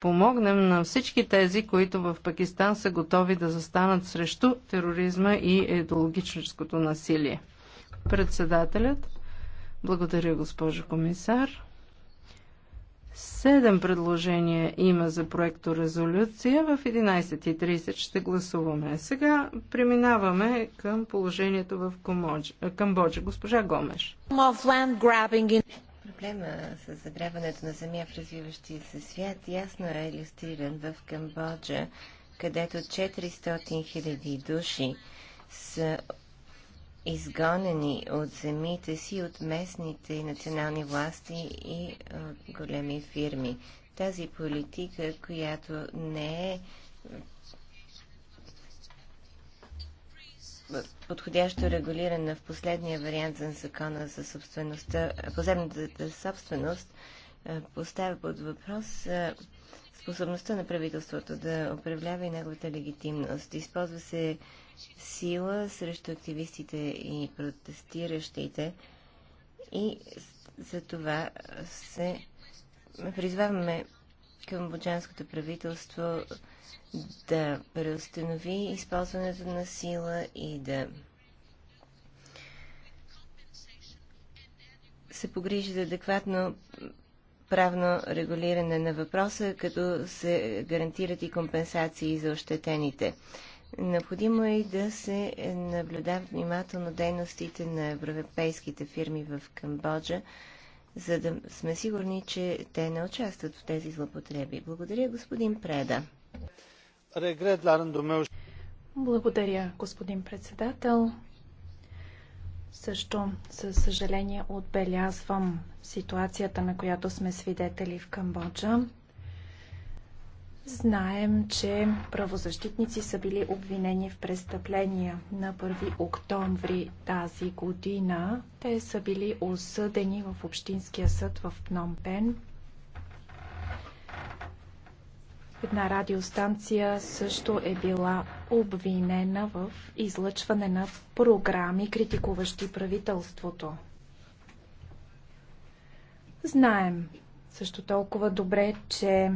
помогнем на всички тези, които в Пакистан са готови да застанат срещу тероризма и идеологическото насилие. Председателят, благодаря госпожо комисар. Седем предложения има за проекто резолюция. В 11.30 ще гласуваме. Сега преминаваме към положението в Камбоджа. Госпожа Гомеш. Проблема с заграбването на земя в развиващия се свят ясно е иллюстриран в Камбоджа, където 400 000 души са изгонени от земите си, от местните и национални власти и от големи фирми. Тази политика, която не е подходящо регулирана в последния вариант на закона за собствеността, поземната собственост, поставя под въпрос способността на правителството да управлява и неговата легитимност. Използва се сила срещу активистите и протестиращите и за това се призваваме камбоджанското правителство да преустанови използването на сила и да се погрижи за адекватно правно регулиране на въпроса, като се гарантират и компенсации за ощетените. Необходимо е и да се наблюдават внимателно дейностите на европейските фирми в Камбоджа, за да сме сигурни, че те не участват в тези злопотреби. Благодаря, господин Преда la rândul meu. Благодаря, господин председател. Също със съжаление отбелязвам ситуацията, на която сме свидетели в Камбоджа. Знаем, че правозащитници са били обвинени в престъпления на 1 октомври тази година. Те са били осъдени в Общинския съд в Пномпен Една радиостанция също е била обвинена в излъчване на програми, критикуващи правителството. Знаем също толкова добре, че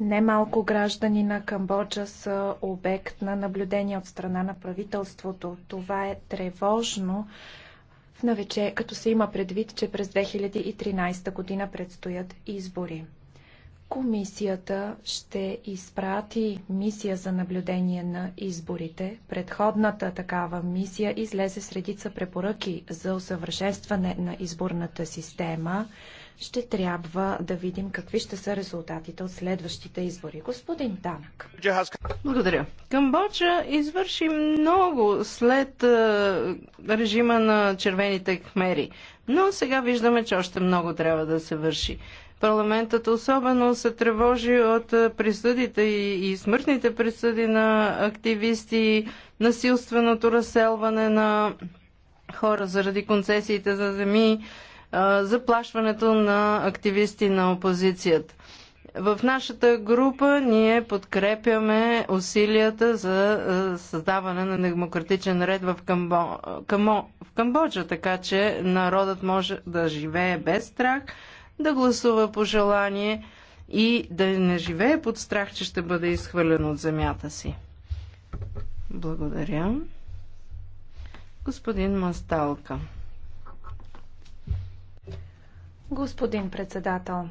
Немалко граждани на Камбоджа са обект на наблюдение от страна на правителството. Това е тревожно, в навече, като се има предвид, че през 2013 година предстоят избори. Комисията ще изпрати мисия за наблюдение на изборите. Предходната такава мисия излезе с редица препоръки за усъвършенстване на изборната система. Ще трябва да видим какви ще са резултатите от следващите избори. Господин Танък. Благодаря. Камбоджа извърши много след е, режима на червените кмери. Но сега виждаме, че още много трябва да се върши. Парламентът особено се тревожи от присъдите и, и смъртните присъди на активисти, насилственото разселване на хора заради концесиите за земи, заплашването на активисти на опозицията. В нашата група ние подкрепяме усилията за създаване на демократичен ред в, Камбо... Камо... в Камбоджа, така че народът може да живее без страх да гласува по желание и да не живее под страх, че ще бъде изхвърлен от земята си. Благодаря. Господин Масталка. Господин председател,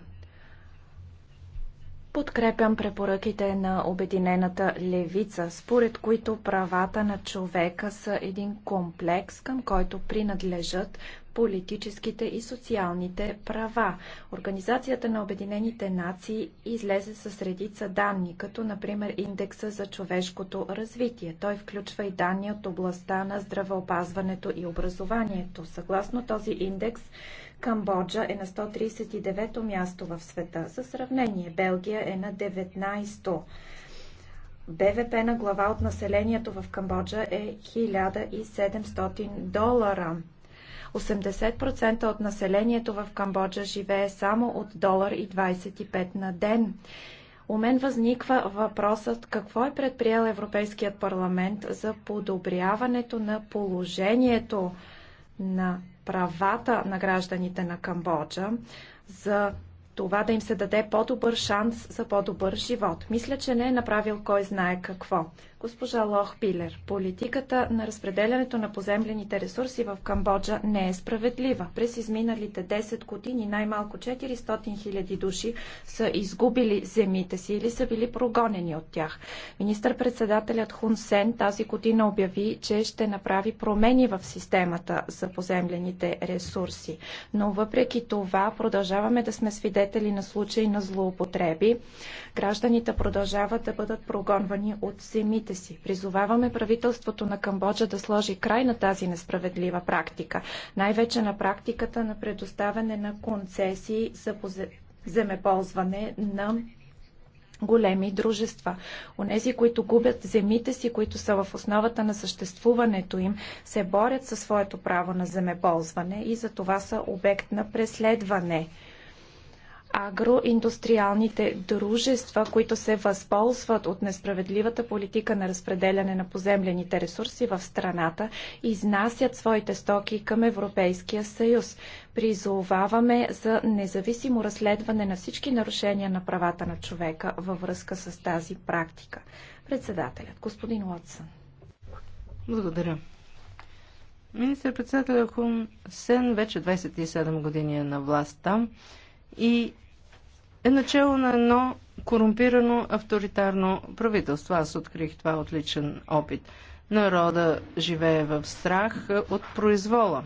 подкрепям препоръките на Обединената левица, според които правата на човека са един комплекс, към който принадлежат политическите и социалните права. Организацията на Обединените нации излезе с редица данни, като например индекса за човешкото развитие. Той включва и данни от областта на здравеопазването и образованието. Съгласно този индекс, Камбоджа е на 139-то място в света. За сравнение, Белгия е на 19-то. БВП на глава от населението в Камбоджа е 1700 долара. 80% от населението в Камбоджа живее само от долар и 25 на ден. У мен възниква въпросът какво е предприел Европейският парламент за подобряването на положението на правата на гражданите на Камбоджа, за това да им се даде по-добър шанс за по-добър живот. Мисля, че не е направил кой знае какво. Госпожа Лохпилер, политиката на разпределянето на поземлените ресурси в Камбоджа не е справедлива. През изминалите 10 години най-малко 400 000 души са изгубили земите си или са били прогонени от тях. Министър-председателят Хун Сен тази година обяви, че ще направи промени в системата за поземлените ресурси. Но въпреки това продължаваме да сме свидетели на случаи на злоупотреби. Гражданите продължават да бъдат прогонвани от земите си. Призоваваме правителството на Камбоджа да сложи край на тази несправедлива практика, най-вече на практиката на предоставяне на концесии за земеползване на големи дружества. Онези, които губят земите си, които са в основата на съществуването им, се борят със своето право на земеползване и за това са обект на преследване агроиндустриалните дружества, които се възползват от несправедливата политика на разпределяне на поземлените ресурси в страната, изнасят своите стоки към Европейския съюз. Призоваваме за независимо разследване на всички нарушения на правата на човека във връзка с тази практика. Председателят, господин Уотсън. Благодаря. министър председател, Хун Сен вече 27 години е на власт там и е начало на едно корумпирано авторитарно правителство. Аз открих това отличен опит. Народа живее в страх от произвола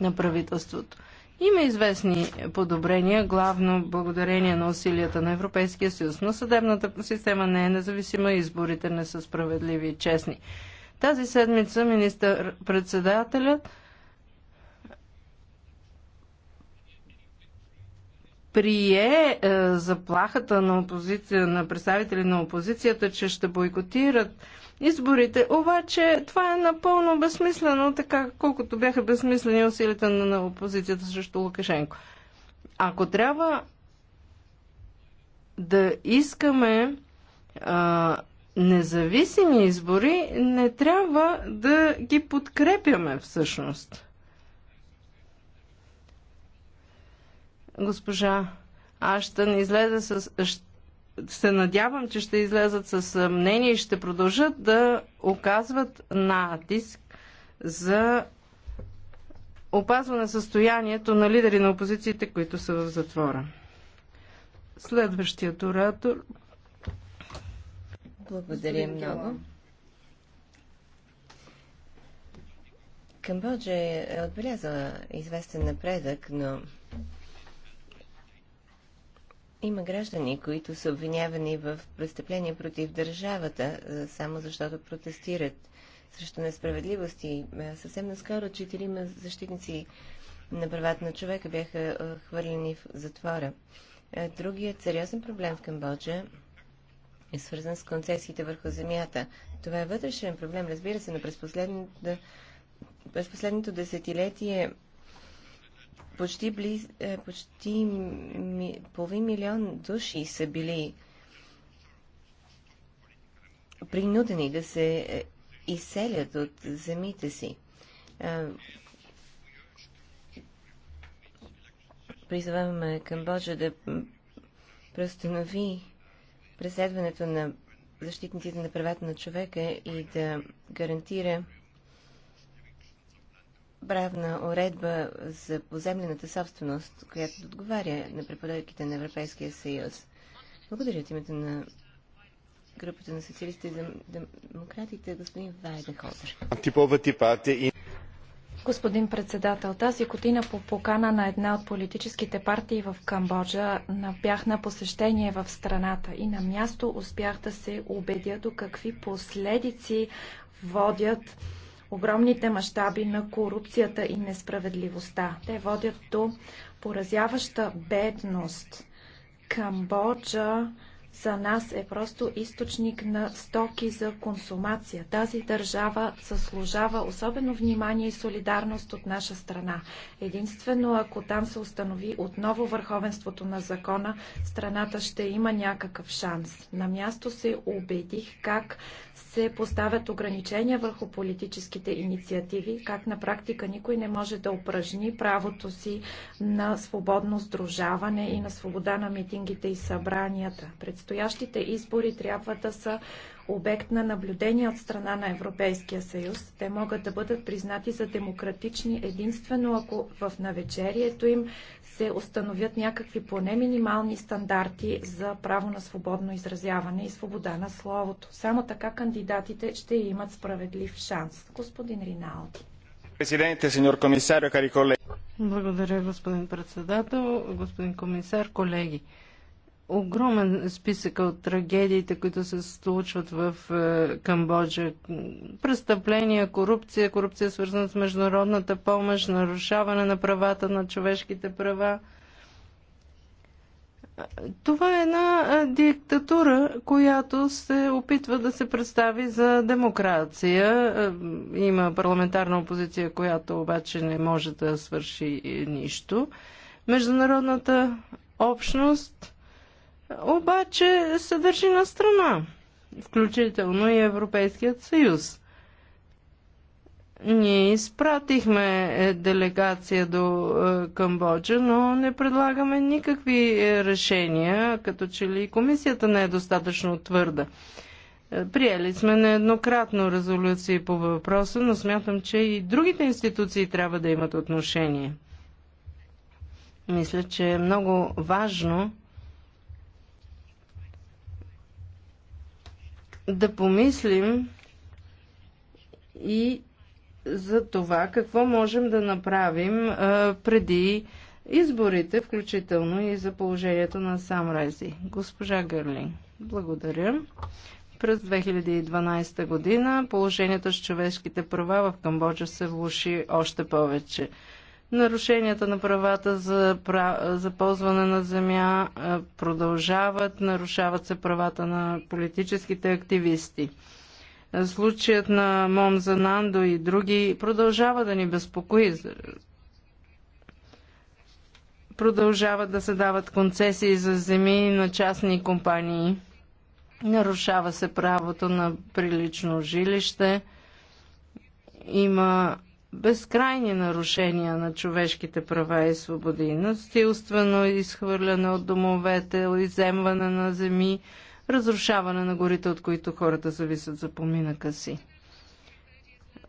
на правителството. Има известни подобрения, главно благодарение на усилията на Европейския съюз, но съдебната система не е независима, изборите не са справедливи и честни. Тази седмица министър-председателят прие е, заплахата на опозиция, на представители на опозицията, че ще бойкотират изборите. Обаче това е напълно безсмислено, така колкото бяха безсмислени усилията на, на опозицията срещу Лукашенко. Ако трябва да искаме а, независими избори, не трябва да ги подкрепяме всъщност. Госпожа Аштън излезе с... Се надявам, че ще излезат с мнение и ще продължат да оказват натиск за опазване състоянието на лидери на опозициите, които са в затвора. Следващият оратор. Благодаря много. Камбоджа е отбелязала известен напредък, но има граждани, които са обвинявани в престъпления против държавата, само защото протестират срещу несправедливости. Съвсем наскоро четирима защитници на правата на човека бяха хвърлени в затвора. Другият сериозен проблем в Камбоджа е свързан с концесиите върху земята. Това е вътрешен проблем, разбира се, но през, последната, през последното десетилетие почти, близ, е, почти ми, половин милион души са били принудени да се е, изселят от земите си. Е, Призваваме Камбоджа да преустанови преследването на защитниците на правата на човека и да гарантира правна уредба за поземлената собственост, която отговаря на препоръките на Европейския съюз. Благодаря от името на групата на социалистите и демократите, господин Вайденхолдер. Господин председател, тази година по покана на една от политическите партии в Камбоджа бях на посещение в страната и на място успях да се убедя до какви последици водят огромните мащаби на корупцията и несправедливостта. Те водят до поразяваща бедност. Камбоджа за нас е просто източник на стоки за консумация. Тази държава заслужава особено внимание и солидарност от наша страна. Единствено, ако там се установи отново върховенството на закона, страната ще има някакъв шанс. На място се убедих как се поставят ограничения върху политическите инициативи, как на практика никой не може да упражни правото си на свободно сдружаване и на свобода на митингите и събранията. Пред предстоящите избори трябва да са обект на наблюдение от страна на Европейския съюз. Те могат да бъдат признати за демократични единствено ако в навечерието им се установят някакви поне минимални стандарти за право на свободно изразяване и свобода на словото. Само така кандидатите ще имат справедлив шанс. Господин Риналди. Президенте, сеньор комисар, кари колеги. Благодаря, господин председател, господин комисар, колеги огромен списък от трагедиите, които се случват в е, Камбоджа. Престъпления, корупция, корупция свързана с международната помощ, нарушаване на правата на човешките права. Това е една е, диктатура, която се опитва да се представи за демокрация. Е, има парламентарна опозиция, която обаче не може да свърши нищо. Международната общност обаче се държи на страна, включително и Европейският съюз. Ние изпратихме е, делегация до е, Камбоджа, но не предлагаме никакви е, решения, като че ли комисията не е достатъчно твърда. Приели сме нееднократно резолюции по въпроса, но смятам, че и другите институции трябва да имат отношение. Мисля, че е много важно да помислим и за това какво можем да направим а, преди изборите, включително и за положението на Самрази. Госпожа Гърлин, благодаря. През 2012 година положението с човешките права в Камбоджа се влуши още повече. Нарушенията на правата за, за ползване на земя продължават, нарушават се правата на политическите активисти. Случаят на Момза Нандо и други продължава да ни безпокои. Продължават да се дават концесии за земи на частни компании. Нарушава се правото на прилично жилище. Има безкрайни нарушения на човешките права и свободи, насилствено изхвърляне от домовете, иземване на земи, разрушаване на горите, от които хората зависят за поминъка си.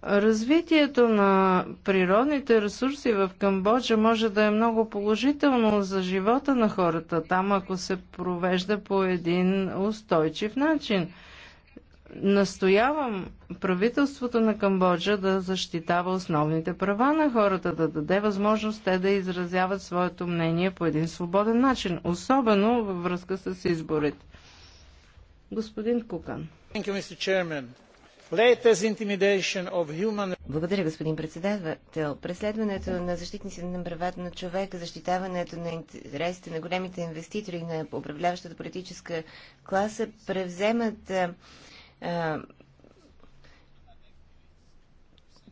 Развитието на природните ресурси в Камбоджа може да е много положително за живота на хората там, ако се провежда по един устойчив начин – настоявам правителството на Камбоджа да защитава основните права на хората, да даде възможност те да изразяват своето мнение по един свободен начин, особено във връзка с изборите. Господин Кукан. Благодаря, господин председател. Преследването на защитниците на правата на човека, защитаването на интересите на големите инвеститори и на управляващата политическа класа превземат е,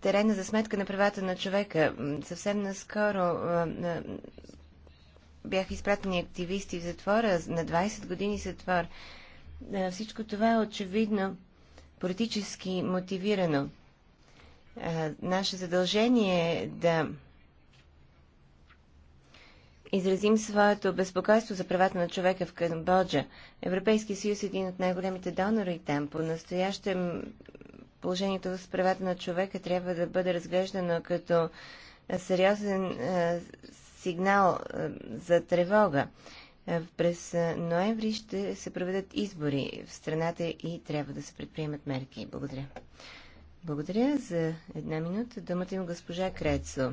терена за сметка на правата на човека. Съвсем наскоро е, е, бяха изпратени активисти в затвора на 20 години затвор. всичко това е очевидно политически мотивирано. Наше задължение е да изразим своето безпокойство за правата на човека в Камбоджа. Европейския съюз е един от най-големите донори там. По настоящем положението с правата на човека трябва да бъде разглеждано като сериозен сигнал за тревога. През ноември ще се проведат избори в страната и трябва да се предприемат мерки. Благодаря. Благодаря за една минута. Думата има госпожа Крецо.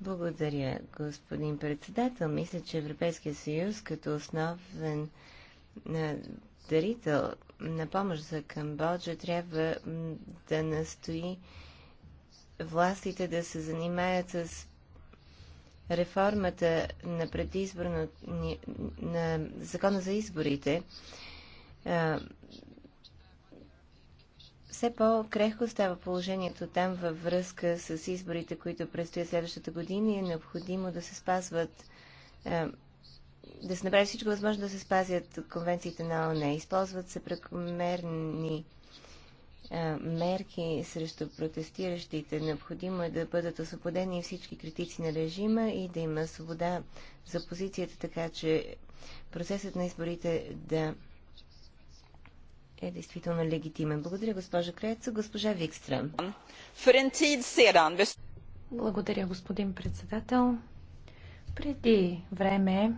Благодаря, господин председател. Мисля, че Европейския съюз като основен дарител на помощ за Камбоджа трябва да настои властите да се занимаят с реформата на предизборно на закона за изборите, все по-крехко става положението там във връзка с изборите, които предстоят следващата година и е необходимо да се спазват е, да се направи всичко възможно да се спазят конвенциите на ОНЕ. Използват се прекомерни е, мерки срещу протестиращите. Необходимо е да бъдат освободени всички критици на режима и да има свобода за позицията, така че процесът на изборите да е действително легитимен. Благодаря, госпожа Креца. Госпожа Викстрем. Благодаря, господин председател. Преди време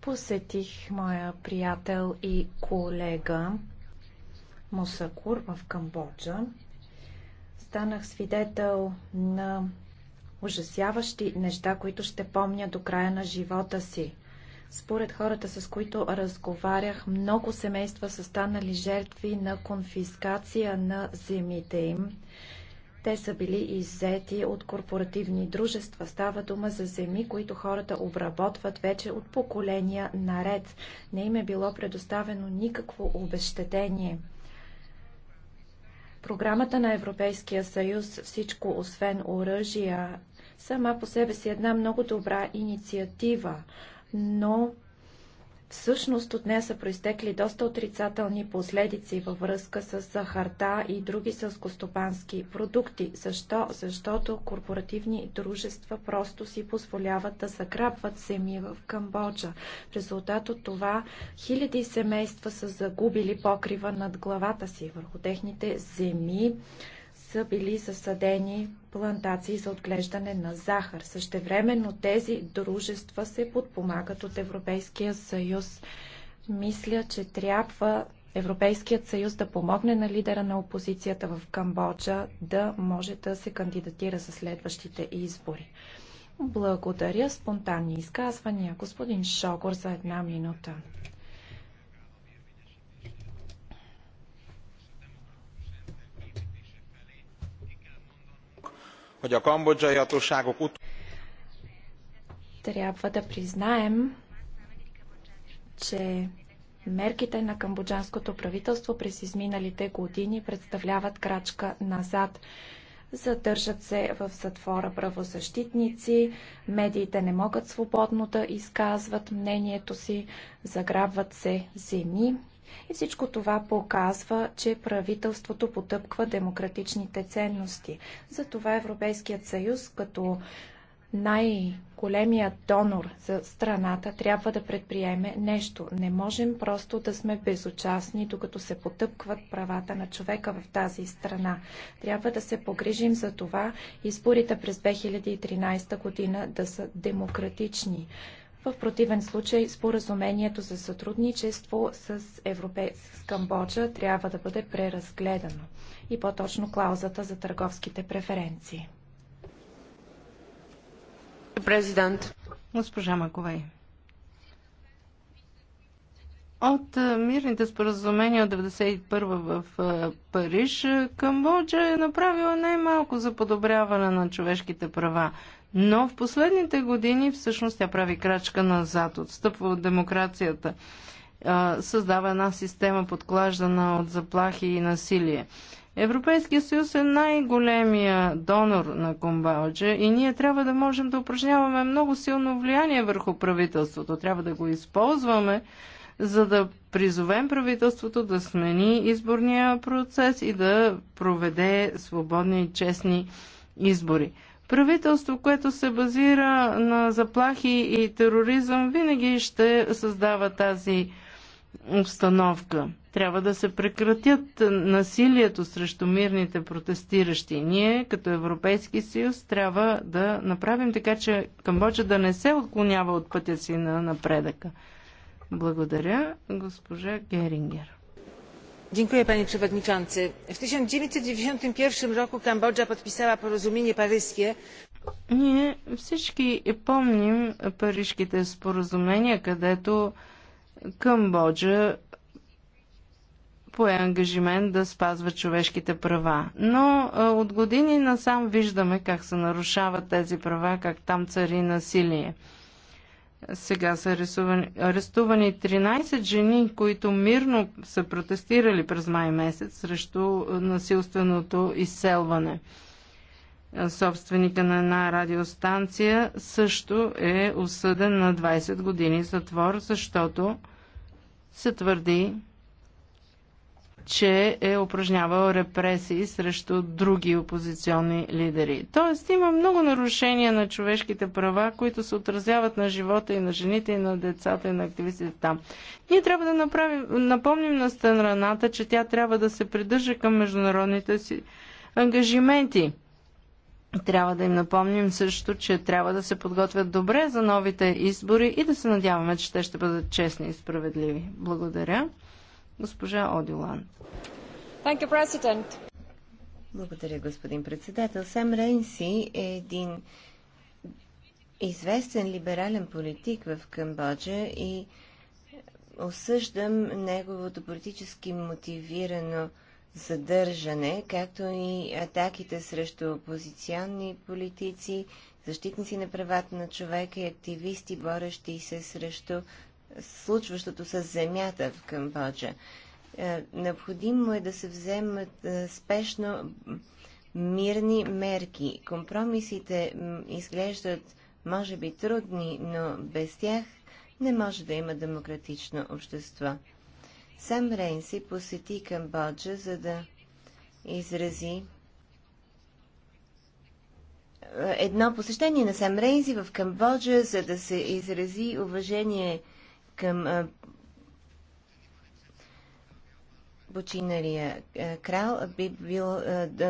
посетих моя приятел и колега Мусакур в Камбоджа. Станах свидетел на ужасяващи неща, които ще помня до края на живота си. Според хората, с които разговарях, много семейства са станали жертви на конфискация на земите им. Те са били иззети от корпоративни дружества. Става дума за земи, които хората обработват вече от поколения наред. Не им е било предоставено никакво обещетение. Програмата на Европейския съюз Всичко освен оръжия сама по себе си е една много добра инициатива, но всъщност от нея са проистекли доста отрицателни последици във връзка с захарта и други сълскостопански продукти. Защо? Защото корпоративни дружества просто си позволяват да заграбват земи в Камбоджа. В резултат от това хиляди семейства са загубили покрива над главата си върху техните земи са били засадени плантации за отглеждане на захар. Същевременно тези дружества се подпомагат от Европейския съюз. Мисля, че трябва Европейският съюз да помогне на лидера на опозицията в Камбоджа да може да се кандидатира за следващите избори. Благодаря. Спонтанни изказвания. Господин Шогор за една минута. hogy a kambodzsai hatóságok Трябва да признаем, че мерките на камбоджанското правителство през изминалите години представляват крачка назад. Задържат се в затвора правозащитници, медиите не могат свободно да изказват мнението си, заграбват се земи, и всичко това показва, че правителството потъпква демократичните ценности. Затова Европейският съюз като най-големият донор за страната трябва да предприеме нещо. Не можем просто да сме безучастни, докато се потъпкват правата на човека в тази страна. Трябва да се погрижим за това изборите през 2013 година да са демократични. В противен случай споразумението за сътрудничество с, Европе... с Камбоджа трябва да бъде преразгледано и по-точно клаузата за търговските преференции. Президент. Госпожа Маковей. От е, мирните споразумения от 1991 в е, Париж, е, Камбоджа е направила най-малко за подобряване на човешките права. Но в последните години всъщност тя прави крачка назад, отстъпва от демокрацията, създава една система подклаждана от заплахи и насилие. Европейския съюз е най-големия донор на Комбалджа и ние трябва да можем да упражняваме много силно влияние върху правителството. Трябва да го използваме, за да призовем правителството да смени изборния процес и да проведе свободни и честни избори. Правителство, което се базира на заплахи и тероризъм, винаги ще създава тази обстановка. Трябва да се прекратят насилието срещу мирните протестиращи. Ние, като Европейски съюз, трябва да направим така, че Камбоджа да не се отклонява от пътя си на напредъка. Благодаря, госпожа Герингер panie przewodniczący! w tysiąc dziewięćset dziewięćdzisiąt jeden roku kambodża podpisała porozumienie paryskie ние всички помним парижките споразумения, където Камбоджа пое ангажимент да спазва човешките права. Но а, от години насам виждаме как се нарушават тези права, как там цари насилие. А, сега са арестувани, арестувани 13 жени, които мирно са протестирали през май месец срещу насилственото изселване. Собственика на една радиостанция също е осъден на 20 години затвор, защото се твърди, че е упражнявал репресии срещу други опозиционни лидери. Тоест има много нарушения на човешките права, които се отразяват на живота и на жените, и на децата, и на активистите там. Ние трябва да направим, напомним на страната, че тя трябва да се придържа към международните си ангажименти. Трябва да им напомним също, че трябва да се подготвят добре за новите избори и да се надяваме, че те ще бъдат честни и справедливи. Благодаря. Госпожа Одилан. Благодаря, господин председател. Сам Рейнси е един известен либерален политик в Камбоджа и осъждам неговото политически мотивирано задържане, както и атаките срещу опозиционни политици, защитници на правата на човека и активисти, борещи се срещу случващото с земята в Камбоджа. Е, необходимо е да се вземат е, спешно мирни мерки. Компромисите изглеждат, може би, трудни, но без тях не може да има демократично общество. Сам Рейнси посети Камбоджа, за да изрази е, едно посещение на Сам Рейнси в Камбоджа, за да се изрази уважение към починалия крал би бил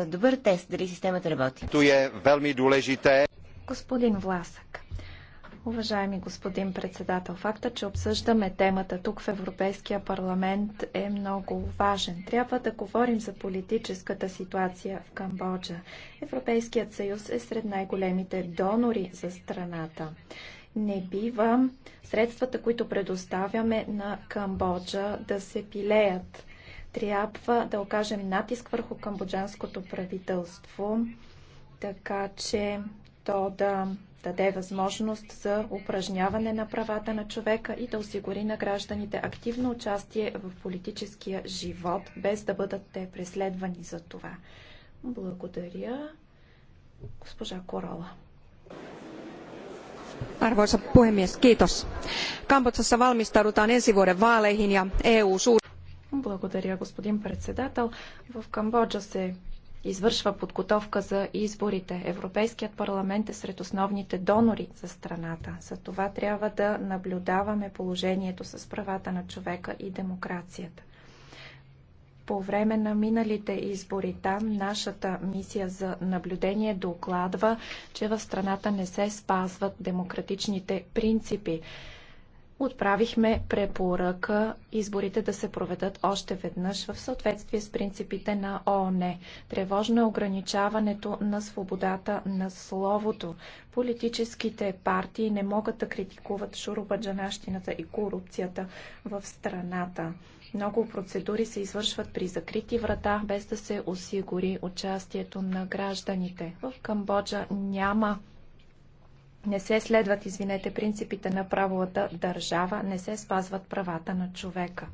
добър тест дали системата работи. То е Господин Власък, уважаеми господин председател, факта, че обсъждаме темата тук в Европейския парламент е много важен. Трябва да говорим за политическата ситуация в Камбоджа. Европейският съюз е сред най-големите донори за страната. Не бива средствата, които предоставяме на Камбоджа, да се пилеят. Трябва да окажем натиск върху камбоджанското правителство, така че то да даде възможност за упражняване на правата на човека и да осигури на гражданите активно участие в политическия живот, без да бъдат те преследвани за това. Благодаря, госпожа Корола arvoisa puhemies камбоджassa valmistaudutaan ensi vuoden vaaleihin ja eu Благодаря, господин председател. В Камбоджа се извършва подготовка за изборите. Европейският парламент е сред основните донори за страната. За това трябва да наблюдаваме положението с правата на човека и демокрацията по време на миналите избори. Там нашата мисия за наблюдение докладва, че в страната не се спазват демократичните принципи. Отправихме препоръка изборите да се проведат още веднъж в съответствие с принципите на ООН. Тревожно е ограничаването на свободата на словото. Политическите партии не могат да критикуват шурубаджанащината и корупцията в страната. Много процедури се извършват при закрити врата, без да се осигури участието на гражданите. В Камбоджа няма не се следват, извинете, принципите на правовата държава, не се спазват правата на човека.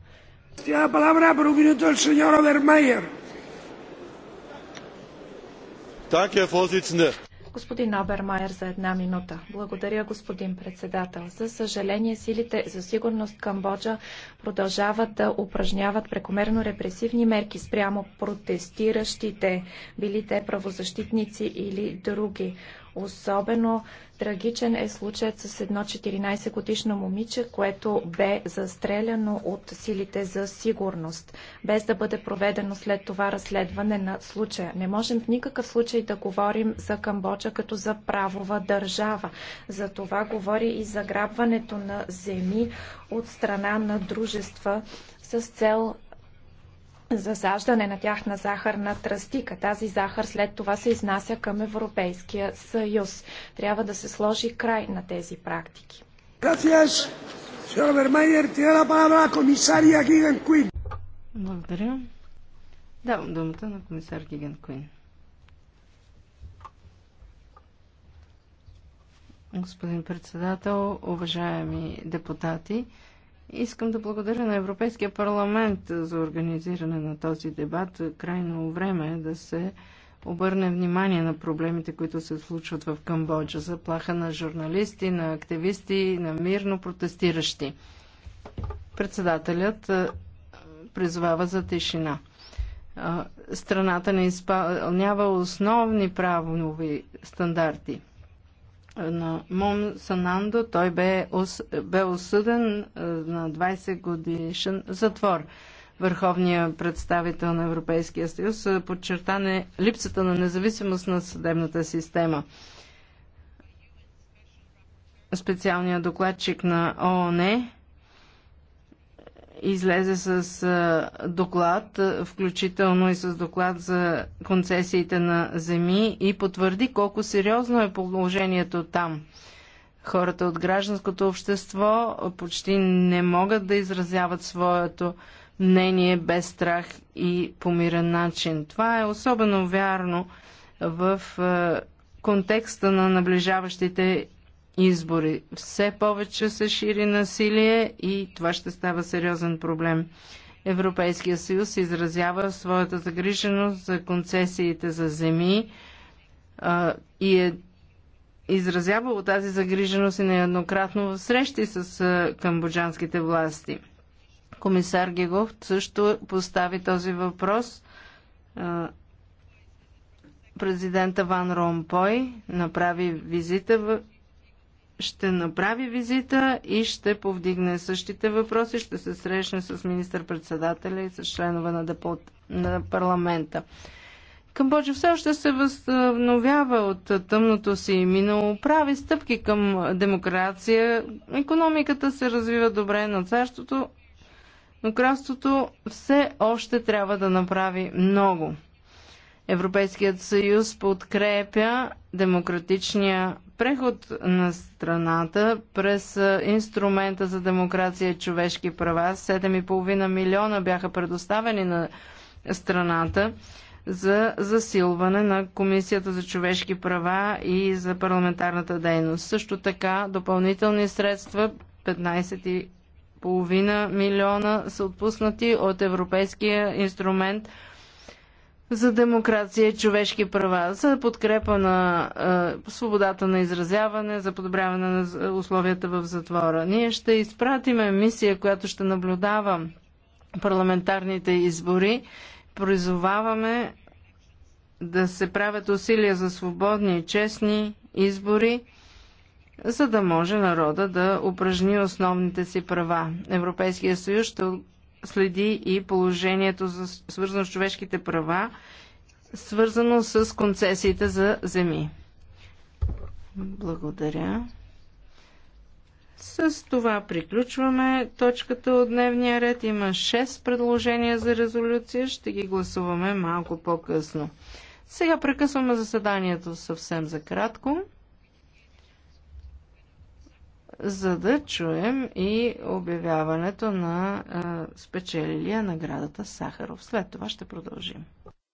Господин Обермайер за една минута. Благодаря, господин председател. За съжаление, силите за сигурност Камбоджа продължават да упражняват прекомерно репресивни мерки спрямо протестиращите, били те правозащитници или други. Особено трагичен е случаят с едно 14-годишно момиче, което бе застреляно от силите за сигурност, без да бъде проведено след това разследване на случая. Не можем в никакъв случай да говорим за Камбоджа като за правова държава. За това говори и заграбването на земи от страна на дружества с цел засаждане на тях на захарна тръстика. Тази захар след това се изнася към Европейския съюз. Трябва да се сложи край на тези практики. Благодаря. Давам думата на комисар Гиген Куин. Господин председател, уважаеми депутати, Искам да благодаря на Европейския парламент за организиране на този дебат. Крайно време е да се обърне внимание на проблемите, които се случват в Камбоджа. Заплаха на журналисти, на активисти, на мирно протестиращи. Председателят призвава за тишина. Страната не изпълнява основни правонови стандарти – на Мон Санандо. Той бе, ос, бе осъден е, на 20 годишен затвор. Върховният представител на Европейския съюз е, подчертане липсата на независимост на съдебната система. Специалният докладчик на ООН излезе с доклад, включително и с доклад за концесиите на земи и потвърди колко сериозно е положението там. Хората от гражданското общество почти не могат да изразяват своето мнение без страх и помирен начин. Това е особено вярно в контекста на наближаващите избори. Все повече се шири насилие и това ще става сериозен проблем. Европейския съюз изразява своята загриженост за концесиите за земи а, и е изразявало тази загриженост и нееднократно в срещи с а, камбоджанските власти. Комисар Гегов също постави този въпрос. А, президента Ван Ромпой направи визита в ще направи визита и ще повдигне същите въпроси, ще се срещне с министър-председателя и с членове на, депот, на парламента. Камбоджа все още се възстановява от тъмното си минало, прави стъпки към демокрация, економиката се развива добре на царството, но кралството все още трябва да направи много. Европейският съюз подкрепя демократичния преход на страната през инструмента за демокрация и човешки права. 7,5 милиона бяха предоставени на страната за засилване на Комисията за човешки права и за парламентарната дейност. Също така допълнителни средства 15,5 милиона са отпуснати от Европейския инструмент за демокрация и човешки права, за подкрепа на а, свободата на изразяване, за подобряване на условията в затвора. Ние ще изпратиме мисия, която ще наблюдава парламентарните избори. Призоваваме да се правят усилия за свободни и честни избори, за да може народа да упражни основните си права. Европейския съюз ще следи и положението за, свързано с човешките права, свързано с концесиите за земи. Благодаря. С това приключваме точката от дневния ред. Има 6 предложения за резолюция. Ще ги гласуваме малко по-късно. Сега прекъсваме заседанието съвсем за кратко за да чуем и обявяването на спечелилия наградата Сахаров. След това ще продължим.